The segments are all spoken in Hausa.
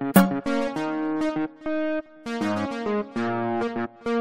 Thank you.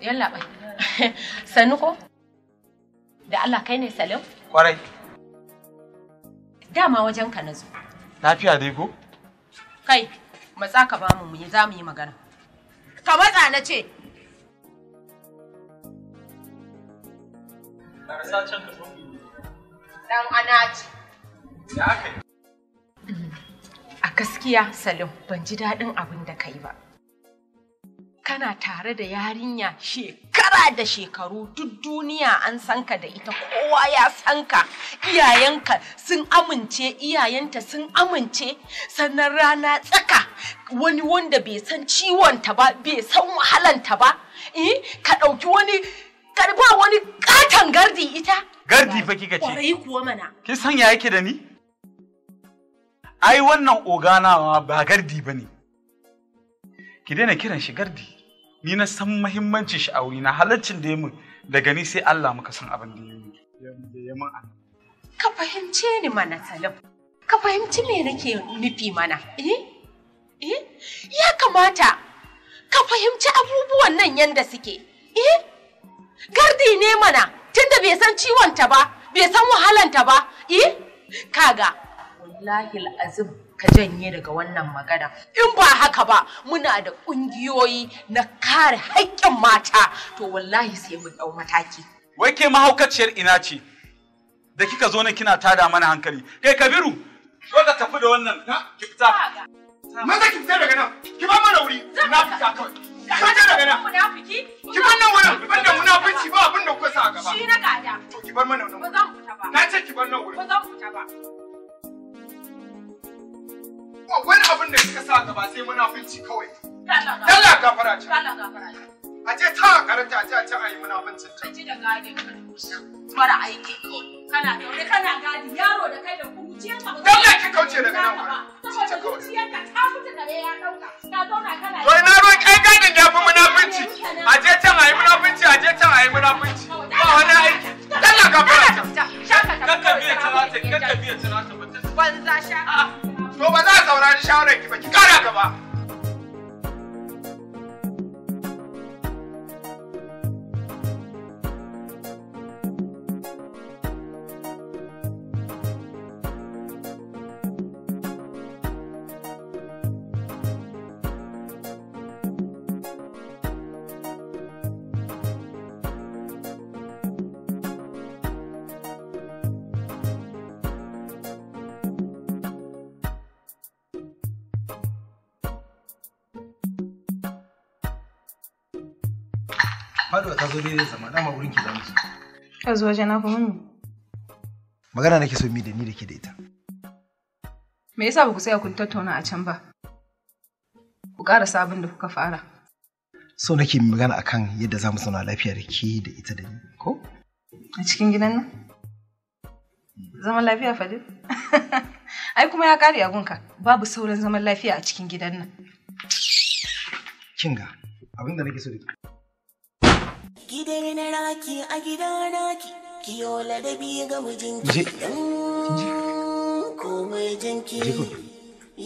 yalla bai sanu ko da Allah kai ne Salim kwarai dama wajen ka nazo lafiya dai ko kai matsa ka bamu mu za mu yi magana ka matsa na ce Dan anaci. Ya kai. A gaskiya Salim ban ji daɗin abin da kai ba. kana tare da yarinya shekara da shekaru duk duniya an san ka da ita kowa ya san ka iyayenka sun amince iyayenta sun amince sannan rana tsaka wani wanda bai san ciwonta ba bai san wahalanta ba eh ka ɗauki wani karba wani katon gardi ita gardi fa kika ce kwarai kuwa mana kin san ya yake da ni ai wannan ogana ba gardi bane ki daina kiran shi gardi ni na san mahimmancin shi a wurina halaccin da ya mun daga ni sai Allah muka san abin da ya yi mun ka fahimce ni mana talib ka fahimci me nake nufi mana eh eh ya kamata ka fahimci abubuwan nan yanda suke eh gardi ne mana tunda bai san ciwon ta ba bai san wahalanta ba eh kaga wallahi azim ka janye daga wannan magana in ba haka ba muna da ƙungiyoyi na kare haƙƙin mata to wallahi sai mun ɗau mataki wai ke mahaukaciyar ina ce da kika zo nan kina tada mana hankali kai eh, kabiru zo ka tafi da wannan ki fita maza ki fita daga nan ki ba mana wuri na fita kawai ki fita daga nan ki bar nan wurin ban da munafici ba abin da kuka sa a gaba shi na gada to ki bar mana nan ba zan fita ba na ce ki bar nan wurin ba zan fita ba wani abin da suka sa gaba sai munafunci kawai. Dala gafara ce. Dala gafara ce. A je ta karanta a je a ce a yi munafuncin ta. Kaji da gadin mara aiki. Kana daure kana gadi yaro da kai da kuruciya ka. Dala ki kauce daga nan Saboda kuruciya ka ta fita da ya dauka. Ka zauna kana. To ina ruwan kai gadin ya fi munafunci. A je can a yi munafunci a je can a yi munafunci. Ba wani aiki. Dala gafara ce. Kakka biya talata kakka biya talata. Banza shaka. Ah. to ba za a saurari shawarar ki ba ki kara ba. Faduwa ta zo daidai zama dama wurin ki zamu. Ka zo waje na kuma ni. Magana nake so mi da ni da ke da ita. Me yasa ba ku tsaya kun tattauna a can ba? Ku ƙara sabon da kuka fara. So nake magana akan yadda zamu zauna lafiya da ke da ita da ni, ko? A cikin gidan nan? Zaman lafiya Fadil? Ai kuma ya kare abunka, babu sauran zaman lafiya a cikin gidan nan. Kinga, abin da nake so da gidai na raki a gida naki kiyo ladabi ga mijinki dan komai jinki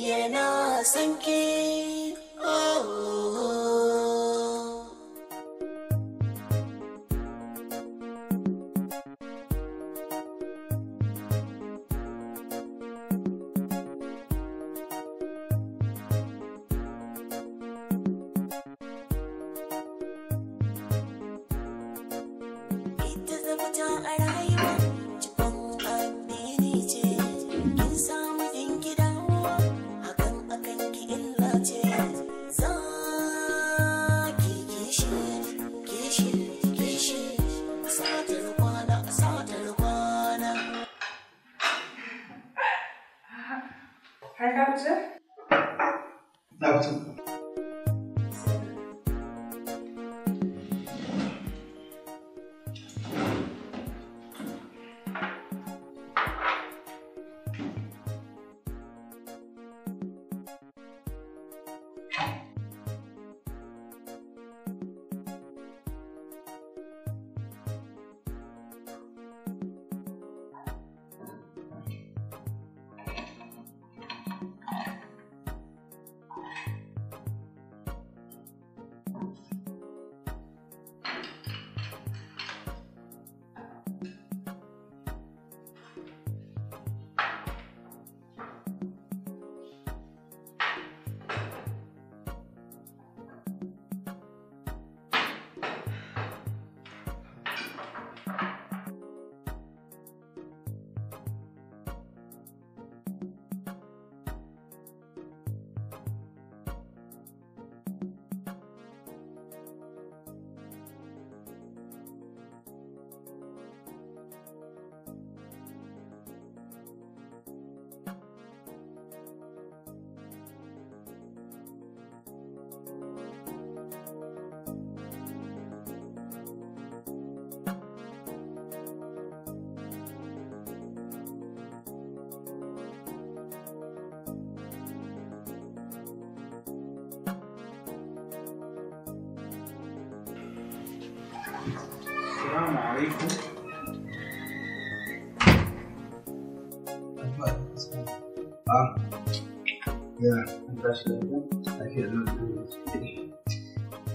yana sanki oh I don't السلام عليكم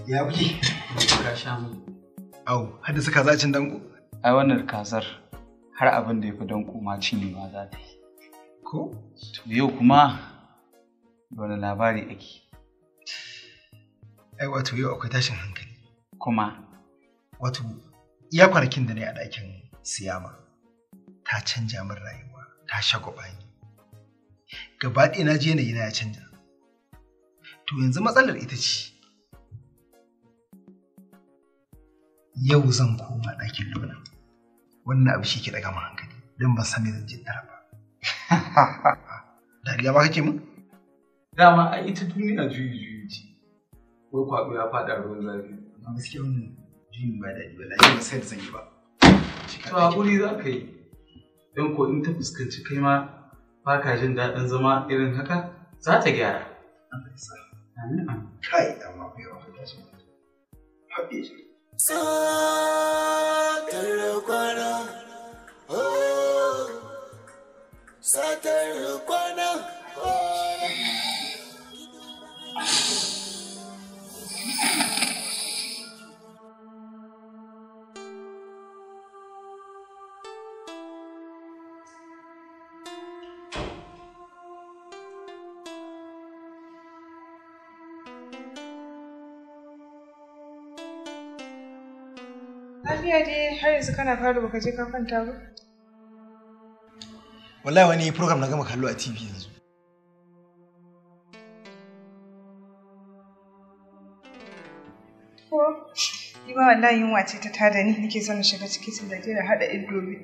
ya kuke ka sha mu au hada suka zacin danko ai wannan kasar, har abin da yafi danko ma cinye ma za ta yi ko to yau kuma wani labari ake ai wato yau akwai tashin hankali kuma wato iya kwanakin da ne a ɗakin siyama ta canja min rayuwa ta shagwaba ni gaba na je na ya canja to yanzu matsalar ita ce yau zan koma ɗakin luna wannan abu shi ke ɗaga ma hankali don ban san zan jin tara ba dariya ba kake mun? dama a ita duniya juyi juyi ce ko kwaɗo ya faɗa ruwan zafi gaskiya wannan Jin ba daɗi ba, lafiya ba sai da yi ba. To haƙuri za ka yi. Don ko in ta fuskanci kai ma ba ka jin daɗin zama irin haka za ta gyara. Kai, amma bai wa ta so. Haɗe shi. Satar kwana, oh, satar kwana, kwana. Oh. Lafiya dai har yanzu kana fara baka je ka kwanta ba? Wallahi wani program na gama kallo a TV yanzu. Ko ni ba wallahi yunwa ce ta tada ni nake son na shiga ciki sun daje da haɗa indomi.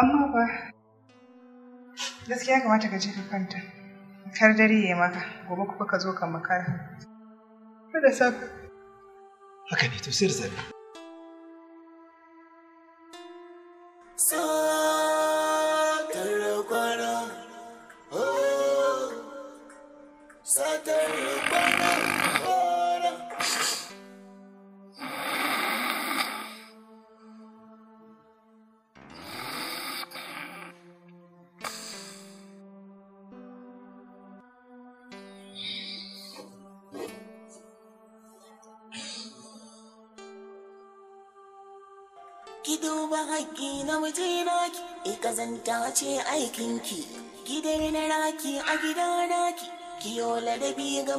Amma ba gaskiya kamata ka je ka kwanta. Kar dare ya maka gobe kuka ka zo ka makara. Kada safe. أكنيتو سير زين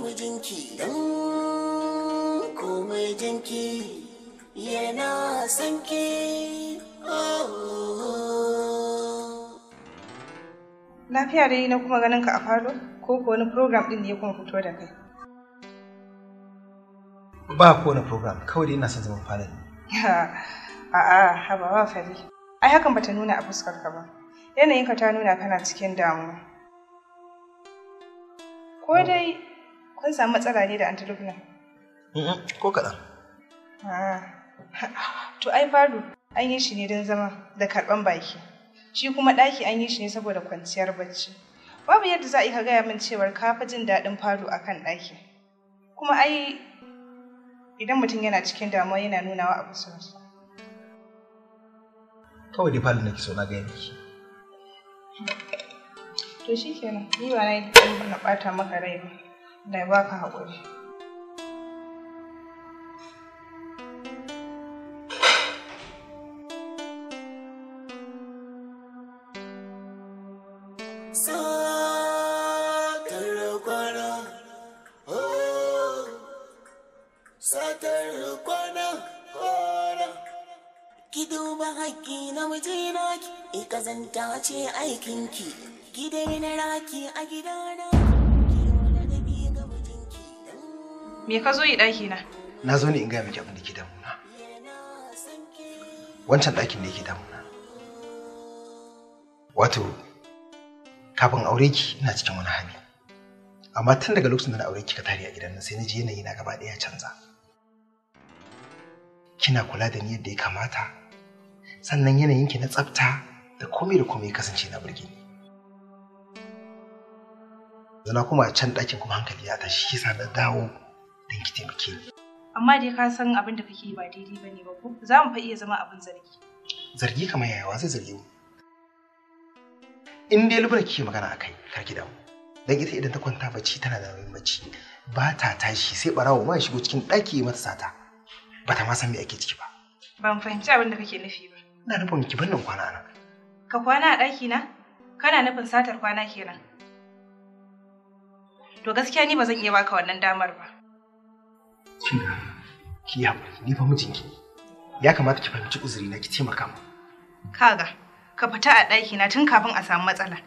mijinki don komai jinki yana sanki lafiya dai na kuma ganin ka a falo ko ko wani program din ne ya kuma fito da kai ba ko wani program kawai dai ina son zaman falon ne a'a haba ba fari ai hakan bata nuna a fuskar ka ba yanayinka ta nuna kana cikin damuwa ko dai kun samu matsala ne da antelope nan ko kaɗan ah, to ai fado an yi shi ne don zama da karɓan baki shi kuma ɗaki an yi shi ne saboda kwanciyar bacci babu yadda za a yi ka gaya min cewar kafa jin daɗin fado a kan ɗaki kuma ai idan mutum yana cikin damuwa yana nunawa a su. kawai dai falo nake so na gaya miki to shi kenan yi ba na yi na ɓata maka rai ba da ya baka haƙuri. Oh, satar kwana kwana, ki duba haƙƙi na mijina aikinki, ki raki a gidana. Me ka zo yi ɗaki na? Na zo ne in gaya miki abin da ke damuna. Wancan ɗakin da yake damuna. Wato, kafin aure ki ina cikin wani hali. Amma tun daga lokacin da na aure ki ka tare a gidan nan sai na ji yanayi na gaba ɗaya canza. Kina kula da ni yadda ya kamata, sannan yanayin yanayinki na tsafta da komai da komai kasance na burge ni. Zana kuma can ɗakin kuma hankali ya tashi shi sa na dawo don ki taimake ni. Amma dai ka san abin da kake ba daidai ba ne ba ko? Za mu fa iya zama abin zargi. Zargi kamar yaya wa zai zargi mu? In dai lubura kike magana a kai, kar ki damu. Dan ita idan ta kwanta bacci tana da nauyin bacci. Ba ta tashi sai barawo ma ya shigo cikin ɗaki mata sata. Ba ta ma san me ake ciki ba. Ban fahimci abin da kake nufi ba. Ina nufin ki bar nan kwana nan. Ka kwana a ɗaki na? Kana nufin satar kwana kenan. To gaskiya ni ba zan iya baka wannan damar ba. kin ki yi haƙuri ni fa mijinki ya kamata ki fahimci uzuri na ki taimaka mu kaga ka fita a ɗaki na tun kafin a samu matsala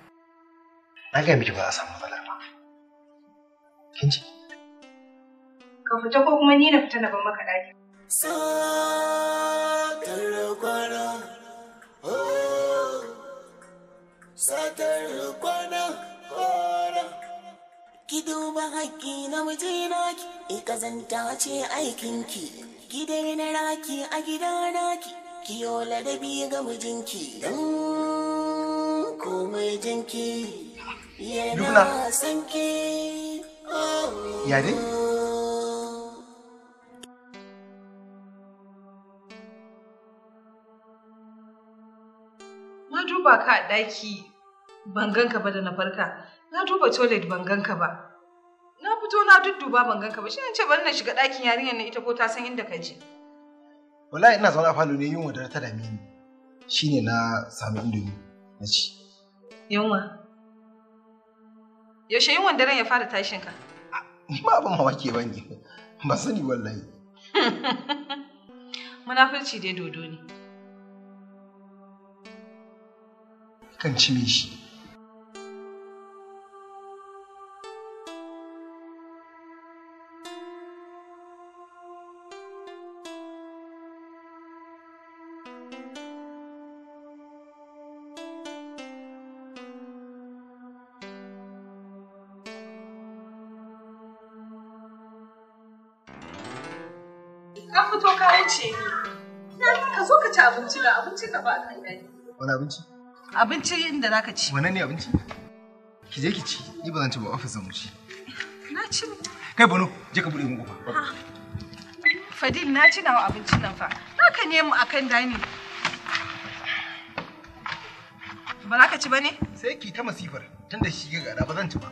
na ga miki ba a samu matsala ba kin ji ka fita ko kuma ni na fita na ban maka ɗaki sa kwana oh kwana kwana ki duba haƙƙi na mijina ki ikazanta ce aikinki gidai na raki a gida ki kiyo ladabi ga mijinki don komai jinki yana sanki ya Na duba ka a ɗaki ban ganka ba da na farka, na duba toilet ban ganka ba. fito na dudduba ban ganka ba shi ne ce bari na shiga ɗakin yarinyar na ita ko ta san inda ka je. Wallahi ina zaune a falo ne yunwa da ta dame ni. Shine na samu indomi na ci. Yunwa. Yaushe yunwan daren ya fara tashin ka? Ni ah, ma abin mamaki ba ne. Ba sani wallahi. Munafurci dai dodo ne. Kan ci shi. fito kayan ce Na ka zo ka ci abinci ga abinci ka ba ka gani. Wani abinci? Abinci inda za ka ci. Wane ne abinci? Ki je ki ci, ni ba zan ci ba ofis zan ci. Na ci. Kai Bano, je ka buɗe min kofa. Fadil na ci nawa abincin nan fa. Za ka nemi akan dani. Ba za ka ci ba ne? Sai ki ta masifar, tunda shi ga gada ba zan ci ba.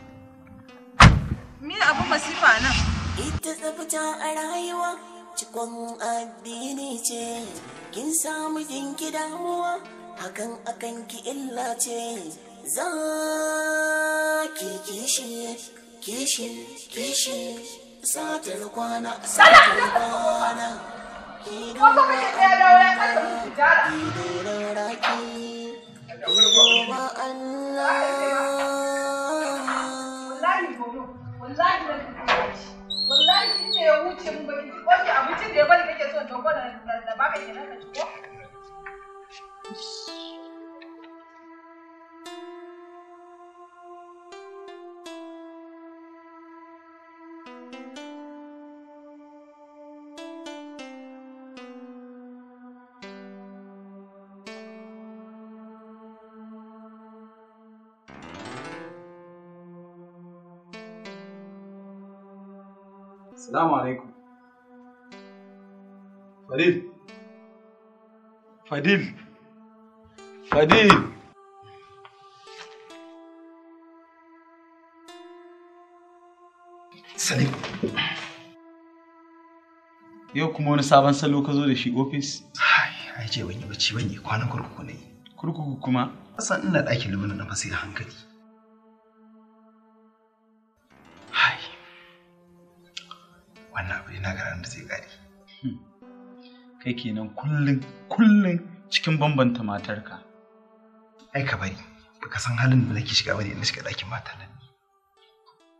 Me abin masifa nan? Ita tsafta a rayuwa cikon addini ce kin samu jinki damuwa hakan akan ki illa ce za ki kishi kishi kishi satar kwana satar kwana Allah. wallahi shi ne ya wuce mu baki wanke abincin da ya bari kake so to ko da baka kenan ka ci ko Assalamu alaikum. Fadil. Fadil. Fadil. Salim. Yau kuma wani sabon salo ka zo da shi ofis? Ai, ai ce wani bacci wani kwanan kurkuku ne. Kurkuku kuma? Asan ina ɗakin lumina na fasi hankali. na ga da zai kare hmm. kai kenan kullum kullum cikin bambanta matarka ai ka bari baka san halin da nake shiga bane in shiga ɗakin matar nan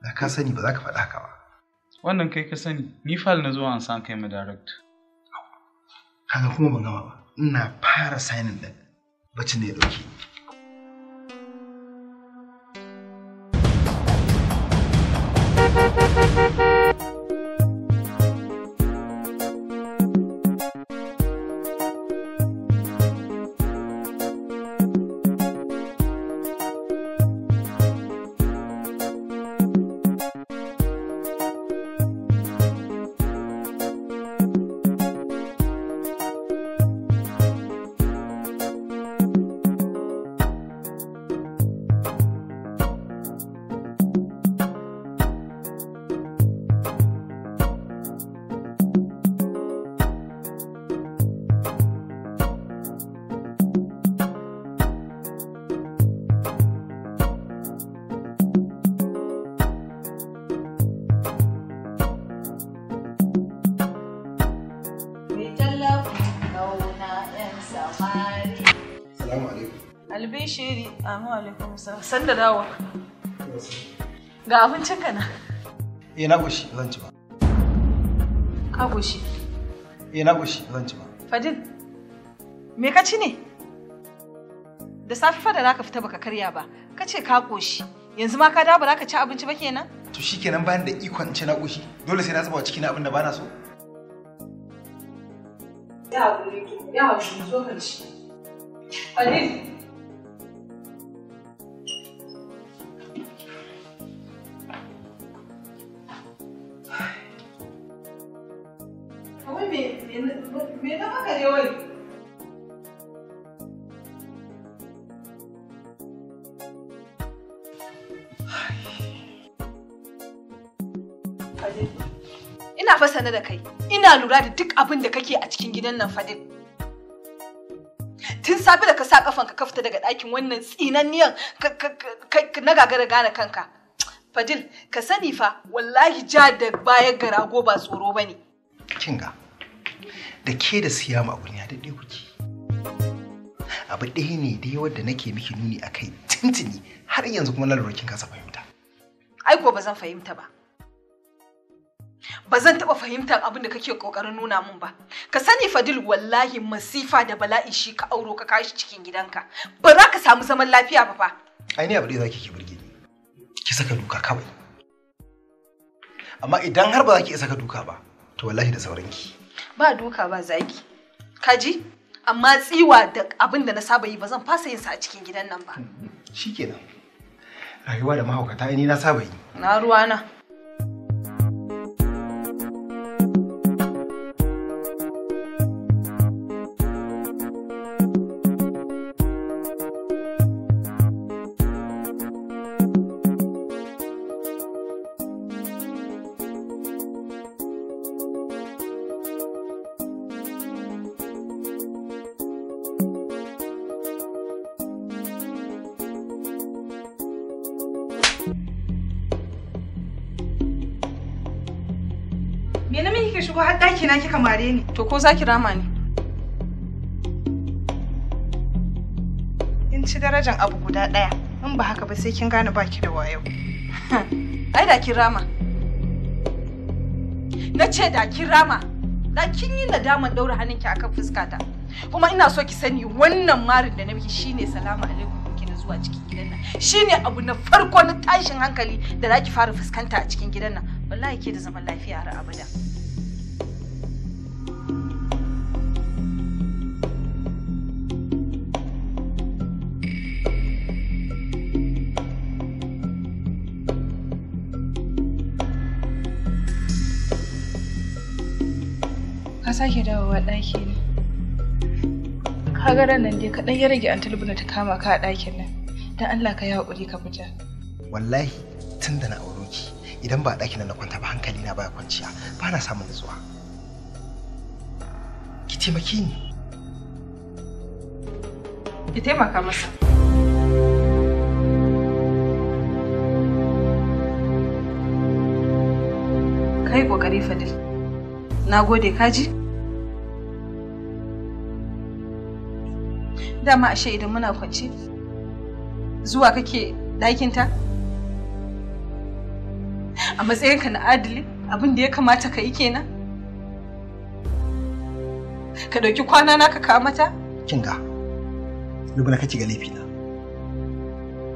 da ka sani ba za ka faɗa haka ba wannan kai ka sani ni fal na zuwa an san kai mu direct kaga kuma ban gama ba ina fara signing din bacin da ya ɗauke ni san da dawa ga abincin ka na eh na goshi zan ci ba ka goshi eh na goshi zan ci ba fadil me ka ci ne da safe fa da zaka fita baka karya ba ka ce ka goshi yanzu ma ka dawo ba za ka ci abinci ba kenan to shikenan bayan da ikon ci na goshi dole sai na zuba wa cikin abin da bana so ya hakuri ya hakuri so ka ci fadil Me na maka ne wai? Ina fa sane da kai, ina lura da duk abin da kake a cikin gidan nan Fadil. Tun safe da ka sa kafanka ka fita daga ɗakin wannan tsinanniyan na gagara gane kanka. Fadil, ka sani fa wallahi ja da bayan garago ba tsoro ba ne. da ke da siya ma'aurin ya daɗe kuke abu ɗaya ne dai wadda nake miki nuni a kai tintini har yanzu kuma lalura kin kasa fahimta ai ko ba zan fahimta ba ba zan taɓa fahimtar abin da kake ƙoƙarin nuna min ba ka sani fadil wallahi masifa da bala'i shi ka auro ka kashi cikin gidanka ba za ka samu zaman lafiya ba fa ai ne abu ɗaya zaki ki burge ni ki saka duka kawai amma idan har ba za ki iya saka duka ba to wallahi da sauranki ba duka ba zaki kaji amma tsiwa da abin da na saba yi ba zan fasa yin sa a cikin gidan nan ba shikenan rayuwa da mahaukata ni na saba yi na ruwana To ko za ki rama ni? In ci darajan abu guda ɗaya, in ba haka ba sai kin gane baki da wayo. Ai da kin rama. Na ce da kin rama, da kin yi nadaman ɗaura hannunki akan fuskata. Kuma ina so ki sani wannan marin da na biki shine salamu alaikum na zuwa cikin gidan nan. Shine abu na farko na tashin hankali da za ki fara fuskanta a cikin gidan nan. Wallahi ke da zaman lafiya har abada. sake dawowa ɗaki ne ka ga nan dai kaɗan ya rage an talbuna ta kama ka a ɗakin nan don allah ka yi haƙuri ka fita wallahi tun da na auro ki idan ba a ɗakin nan na kwanta ba hankali na baya kwanciya ba na samun nutsuwa ki taimaki ni ki taimaka masa kai ƙoƙari fadil na gode kaji dama ashe idan muna kwance zuwa kake ɗakinta a matsayinka na adili abin da ya kamata ka yi kenan ka ɗauki kwana na ka kawo mata kin ga lubna kake ga laifina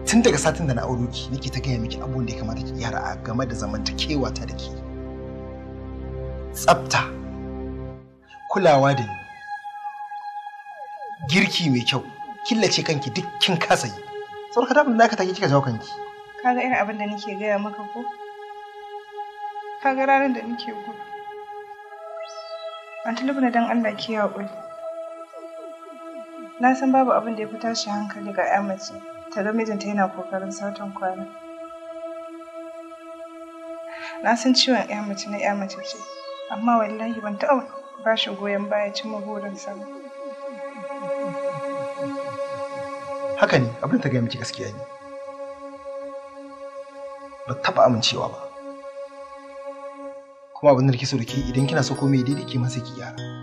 tun daga satin da na auro ki nake ta gaya miki abubuwan da ya kamata ki yara a game da zamantakewa ta da ke tsafta kulawa da ni girki mai kyau killace kanki duk kin kasa yi sau ka damu da take kika jawo kanki kaga irin abin da nake gaya maka ko kaga ranar da nake gudu Anti Lubna dan Allah ki haƙuri. Na san babu abin da ya fi tashi hankali ga 'ya mace, ta ga mijinta yana kokarin satan kwana. Na san ciwon 'ya mace na 'ya mace ce, amma wallahi ban taɓa ba shi goyon baya cimma burinsa ba. haka ne abin ta gaya miki gaskiya ne ba taɓa amincewa ba kuma abin da kike so da ke idan kina so komai daidai ke masa ki gyara oh.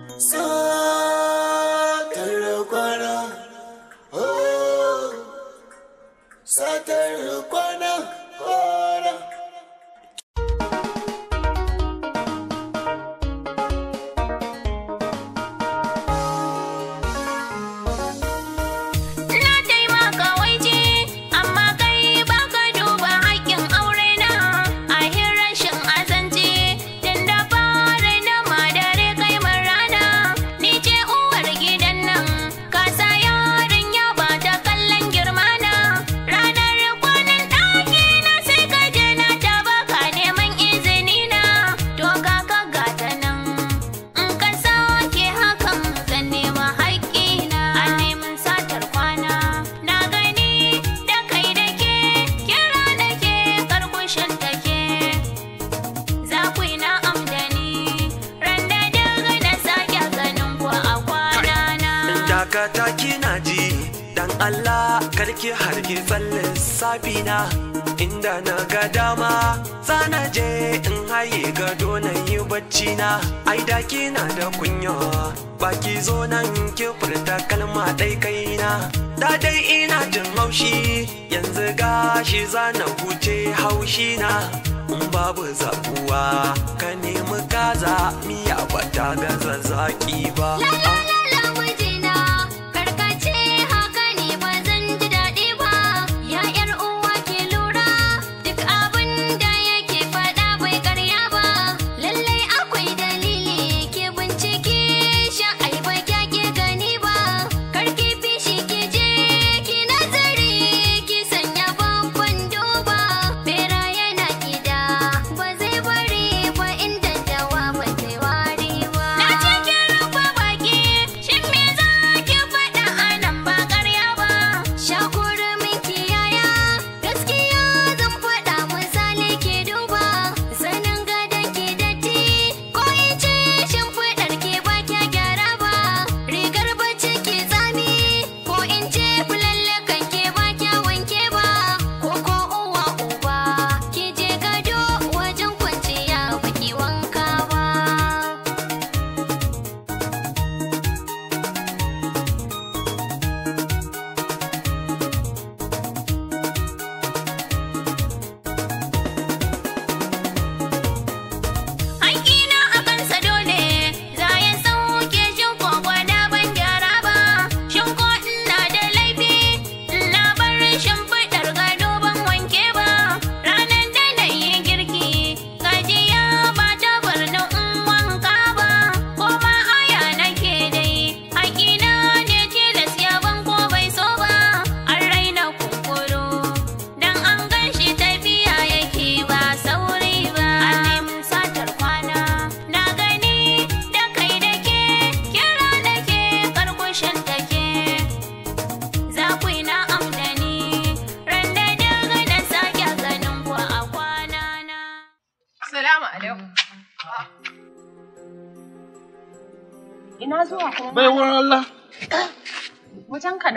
lissafina inda na ga dama zana je in haye gado na yi bacci na ai da kina da kunya baki zo nan ki furta kalma dai kaina da dai ina jin haushi yanzu gashi zana huce haushi na in babu zakuwa ka nemi kaza miya bata ga zazzaki ba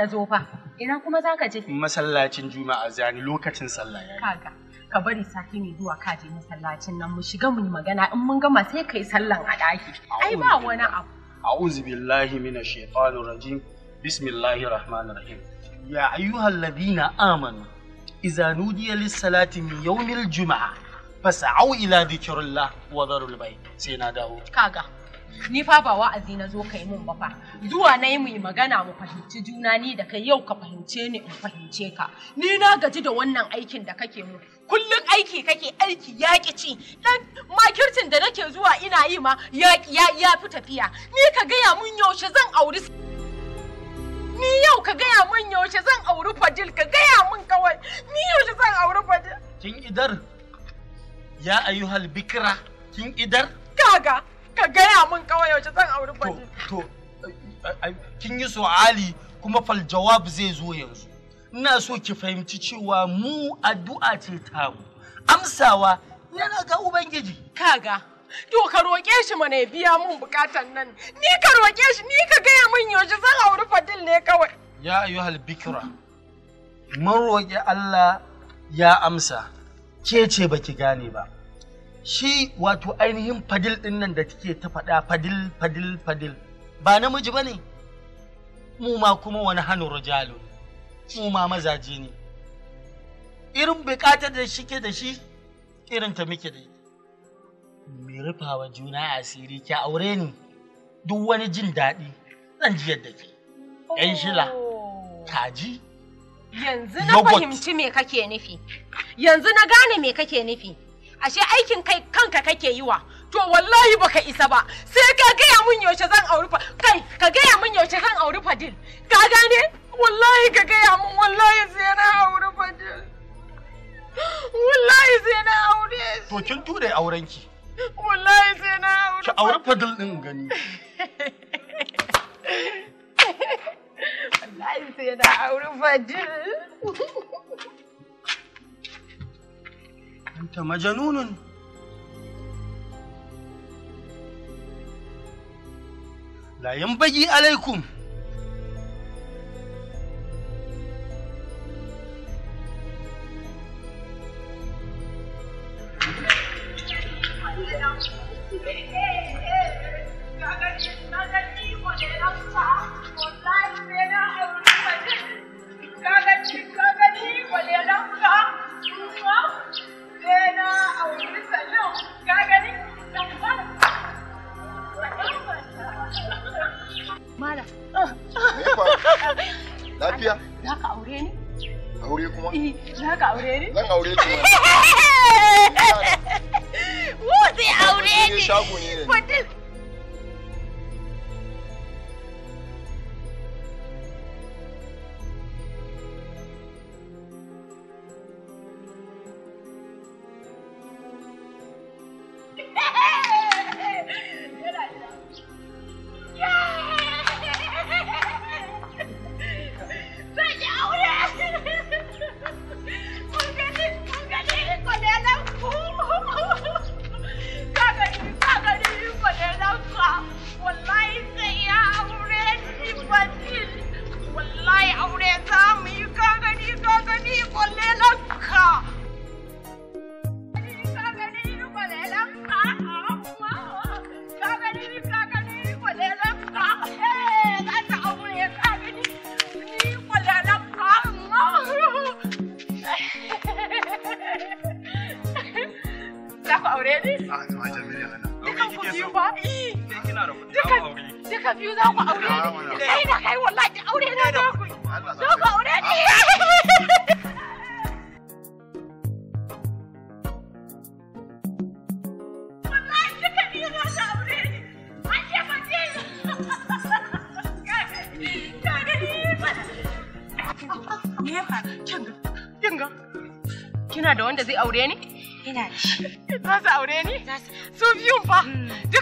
na zo ina kuma za ka je masallacin juma'a zani lokacin sallah ya kaga ka bari safe ne zuwa ka je masallacin nan mu shiga mu magana in mun gama sai kai sallan a daki ai ba wani abu a'udhu billahi minash shaitanir rajim bismillahir rahmanir rahim ya ladina amanu idza nudiya lis-salati min yawmil juma'a, fas'au ila dhikrillah wa dharul bayt sai na dawo kaga ni fa ba wa'azi na zo kai mun ba fa zuwa na yi mu magana mu fahimci juna ni da kai yau ka fahimce ni in fahimce ka ni na gaji da wannan aikin da kake mu kullum aiki kake aiki yaƙi ci dan makircin da nake zuwa ina yi ma yaƙi ya ya fi tafiya ni ka gaya mun yaushe zan auri ni yau ka gaya mun yaushe zan auri fadil ka gaya mun kawai ni yaushe zan auri fadil kin idar ya ayyuhal bikra kin idar kaga ka gaya min kawai yaushe zan auri fadi to kin yi su'ali kuma fal jawab zai zo yanzu ina so ki fahimci cewa mu addu'a ce mu. amsawa yana ga ubangiji kaga to ka roƙe shi mana ya biya mun bukatan nan ni ka roƙe shi ni ka gaya min yaushe zan auri fadil ne kawai ya ayyuhal bikra mun roƙi Allah ya amsa ke ce baki gane ba shi wato ainihin fadil ɗin nan da take ta faɗa fadil fadil fadil ba namiji ba ne mu ma kuma wani hannu rajalu mu ma mazaje ne irin buƙatar da shi ke da shi irin ta muke da Me mai rufawa juna asiri ki aure ni duk wani jin daɗi zan ji yadda ke yan shila kaji oh. yanzu na fahimci me kake nufi yanzu na gane me kake nufi ashe aikin kai kanka kake yi wa to wallahi baka isa ba sai ka gaya mun yaushe zan auri fa kai ka gaya mun yaushe zan auri fadil ka gane wallahi ka gaya mun wallahi sai na auri fadil wallahi sai na aure shi to kin tura auren ki wallahi sai na auri ki auri fadil din gani wallahi sai na auri fadil anta majanunun la yanbaghi alaikum Just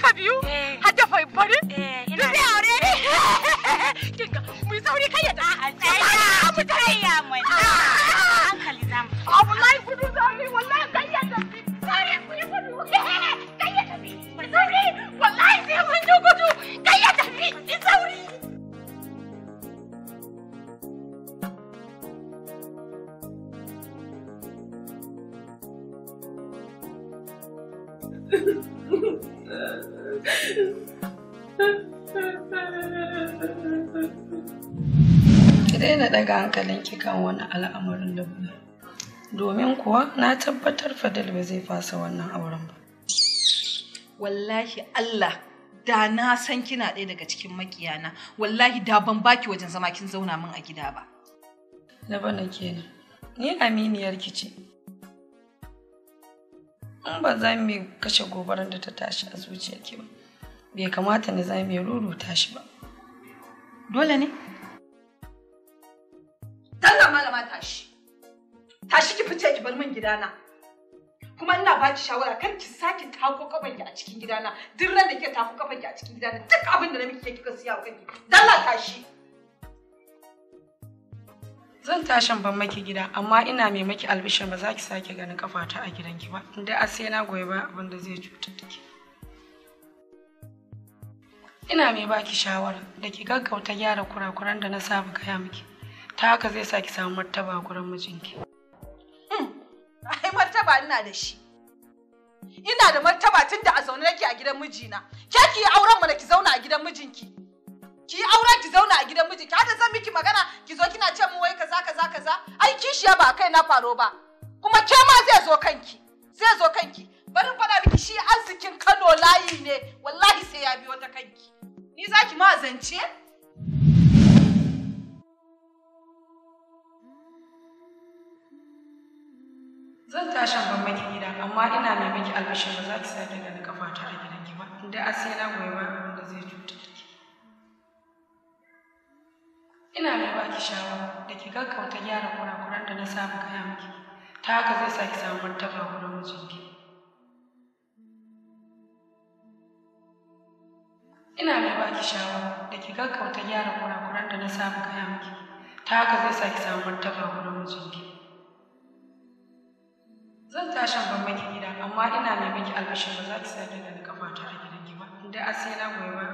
dukkan wani al'amarin labuna domin kuwa na tabbatar fadil ba zai fasa wannan auren ba wallahi allah da na san kina ɗaya daga cikin makiyana wallahi da ban baki wajen zama kin zauna min a gida ba Na bana kenan ni aminiyar ki ce in ba za mu kashe gobarar da ta tashi a zuciyarki ba bai kamata na za mu ruruta shi ba dole ne Dalla malama tashi. Tashi ki fice ki bar min gidana. Kuma ina ba ki shawara kan ki saki tako ki a cikin gidana. Duk ran da ke tako ki a cikin gidana duk abin da na miki kika siya wa kanki. Dalla tashi. Zan tashin ban maki gida amma ina mai maki albishin ba za ki sake ganin kafata a gidanki ba. Inda a sai na goyi ba abin da zai cutar da ke. Ina mai baki shawara da ki gaggauta gyara kurakuran da na saba gaya miki. ta haka zai sa ki samu martaba a gurin mijinki. Hmm, ai martaba ina da shi. Ina da martaba tun da a zaune nake a gidan mijina. Ke ki yi auren mana ki zauna a gidan mijinki. Ki yi auren ki zauna a gidan mijinki. Hada zan miki magana ki zo kina ce mu wai kaza kaza kaza. Ai kishiya ba a kai na faro ba. Kuma ke ma zai zo kanki. Zai zo kanki. bari faɗa miki shi arzikin Kano layi ne. Wallahi sai ya biyo ta kanki. Ni zaki ki ma zance? zan tashin ban maki gida amma ina mai miki albishin ba za ki sake ganin kafata a ki ba inda a sai na goyi ba abin da zai cuta da ke ina mai baki shawara da ki gaggauta gyara kurakuran da na samu gaya miki ta haka zai sa ki samu martaba wurin ki ina mai baki shawara da ki gaggauta gyara kurakuran da na samu gaya miki ta haka zai sa ki samu martaba wurin ki zan tashin ban gida amma ina mai miki albishin ba za ki sa daga da kafata a gidanki ba inda asali na goyi ba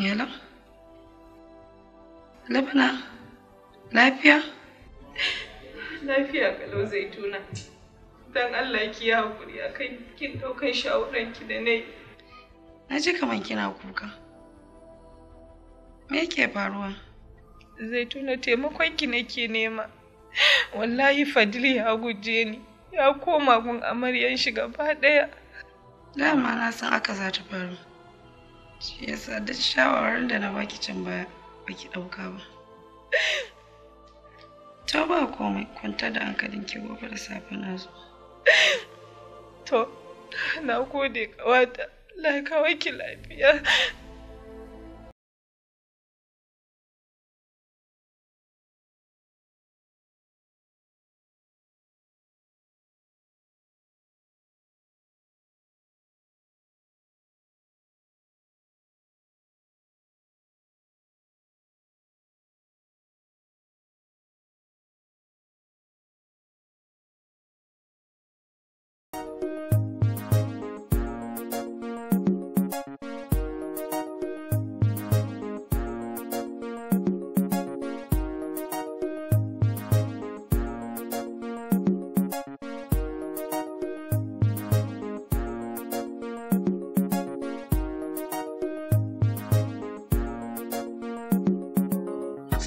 Yalo? Labana? Lafiya? Lafiya kalau zaituna. Dan Allah ki ya haƙuri a kan kin ɗaukan shawararki da na Na ji kamar kina kuka. Me yake faruwa? Zaituna taimakon ki nake nema. Wallahi Fadili ya guje ni. Ya koma gun amaryan shi gaba ɗaya. Dama na san aka za ta faru. Shi yasa duk shawarar da na baki can baya baki ɗauka ba. To ba komai kwanta da hankalin ki gobe da safe na zo. To, na gode kawata Allah ya kawo ki lafiya.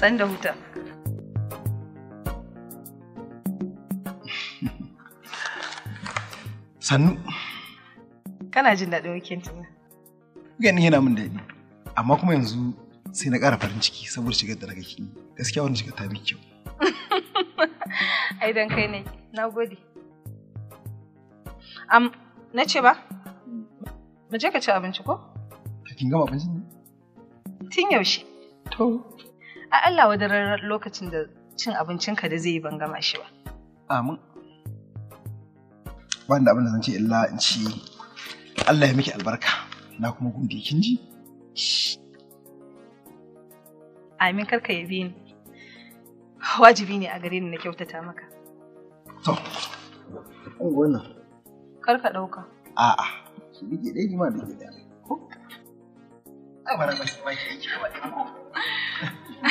san da huta sannu kana jin daɗin weekend ne weekend yana min daɗi amma kuma yanzu sai na ƙara farin ciki saboda shigar da daga gaskiya wani shigar ta kyau ai dan kai ne na gode am na ce ba mu je ka ci abinci ko kin gama abincin ne tun yaushe to a Allah wadarar lokacin da cin abincinka da zai yi ban gama shi ba. Amin. Ba da abin da zan ce illa in ci Allah ya miki albarka na kuma gode kin ji? Amin karka ya bi ni. Wajibi ne a gare ni na kyautata maka. To, an gona. Karka ɗauka. A'a, shi bige ɗaya ni ma bige ɗaya. Ko? Ai, bara ba shi ba ki ba ba. 哈哈。